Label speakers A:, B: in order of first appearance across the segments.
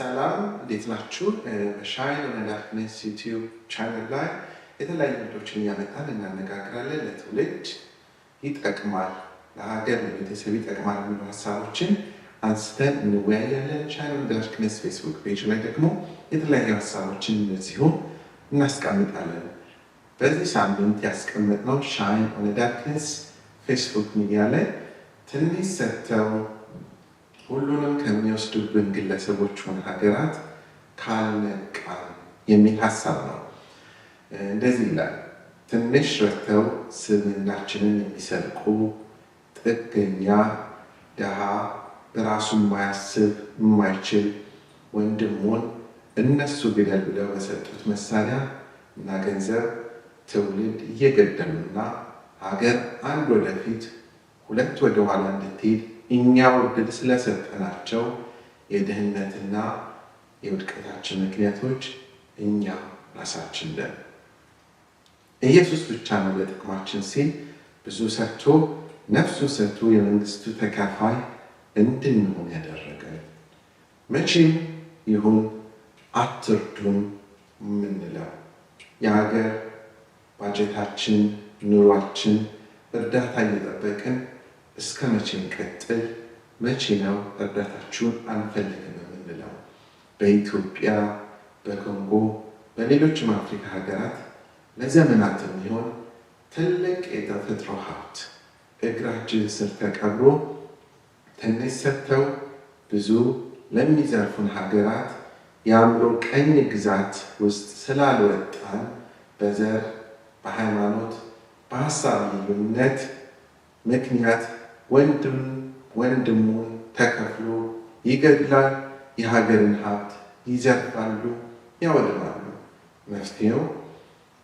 A: ሰላም እንዴት ናችሁ? በሻይን ኦን ዳርክነስ ዩቲዩብ ቻነል ላይ የተለያዩ ምርቶችን እያመጣን እናነጋግራለን። ለትውልድ ይጠቅማል፣ ለሀገር ለቤተሰብ ይጠቅማል የሚሉ ሀሳቦችን አንስተን እንወያያለን። ሻይን ኦን ዳርክነስ ፌስቡክ ፔጅ ላይ ደግሞ የተለያዩ ሀሳቦችን እነዚሁ እናስቀምጣለን። በዚህ ሳምንት ያስቀመጥነው ሻይን ኦን ፌስቡክ ሚዲያ ላይ ትንሽ ሰጥተው ሁሉንም ከሚወስዱብን ግለሰቦች ሆነ ሀገራት ካልነቃን የሚል ሀሳብ ነው። እንደዚህ ይላል፣ ትንሽ ረድተው ስምናችንን የሚሰርቁ ጥገኛ፣ ድሃ፣ በራሱ የማያስብ የማይችል ወንድሙን እነሱ ግደል ብለው በሰጡት መሳሪያ እና ገንዘብ ትውልድ እየገደሉና ሀገር አንድ ወደፊት ሁለት ወደኋላ እንድትሄድ እኛ እድል ስለሰጠናቸው የድህነትና የውድቀታችን ምክንያቶች እኛ ራሳችን ነን። ኢየሱስ ብቻ ነው ለጥቅማችን ሲል ብዙ ሰጥቶ ነፍሱ ሰጥቶ የመንግስቱ ተካፋይ እንድንሆን ያደረገን። መቼም ይሁን አትርዱን የምንለው የሀገር ባጀታችን ኑሯችን እርዳታ እየጠበቅን እስከ መቼ እንቀጥል? መቼ ነው እርዳታችሁን አንፈልግም የምንለው? በኢትዮጵያ፣ በኮንጎ፣ በሌሎችም አፍሪካ ሀገራት ለዘመናት የሚሆን ትልቅ የተፈጥሮ ሀብት እግራችን ስር ተቀብሮ ትንሽ ሰጥተው ብዙ ለሚዘርፉን ሀገራት የአእምሮ ቀኝ ግዛት ውስጥ ስላልወጣን በዘር፣ በሃይማኖት፣ በሀሳብ ልዩነት ምክንያት ወንድም ወንድሙን ተከፍሎ ይገድላል፣ የሀገርን ሀብት ይዘርፋሉ፣ ያወድማሉ። መፍትሄው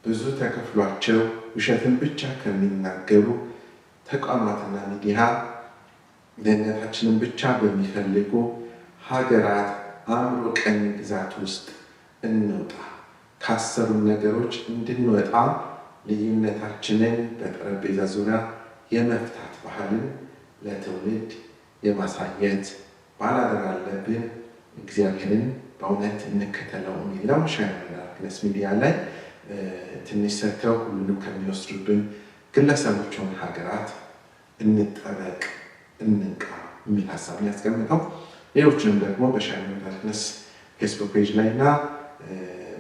A: ብዙ ተከፍሏቸው ውሸትን ብቻ ከሚናገሩ ተቋማትና ሚዲያ ደህንነታችንን ብቻ በሚፈልጉ ሀገራት አእምሮ ቀኝ ግዛት ውስጥ እንውጣ። ካሰሩ ነገሮች እንድንወጣ ልዩነታችንን በጠረጴዛ ዙሪያ የመፍታት ባህልን ለትውልድ የማሳየት ባላደራ አለብን። እግዚአብሔርን በእውነት እንከተለው የሚለው ሻይመላክነስ ሚዲያ ላይ ትንሽ ሰርተው ሁሉንም ከሚወስዱብን ግለሰቦችን፣ ሀገራት እንጠበቅ፣ እንንቃ የሚል ሀሳብ ያስቀምጠው። ሌሎችንም ደግሞ በሻይመላክነስ ፌስቡክ ፔጅ ላይ እና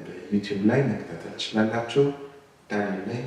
A: በዩቲዩብ ላይ መከታተል ትችላላችሁ። ዳኒ ላይ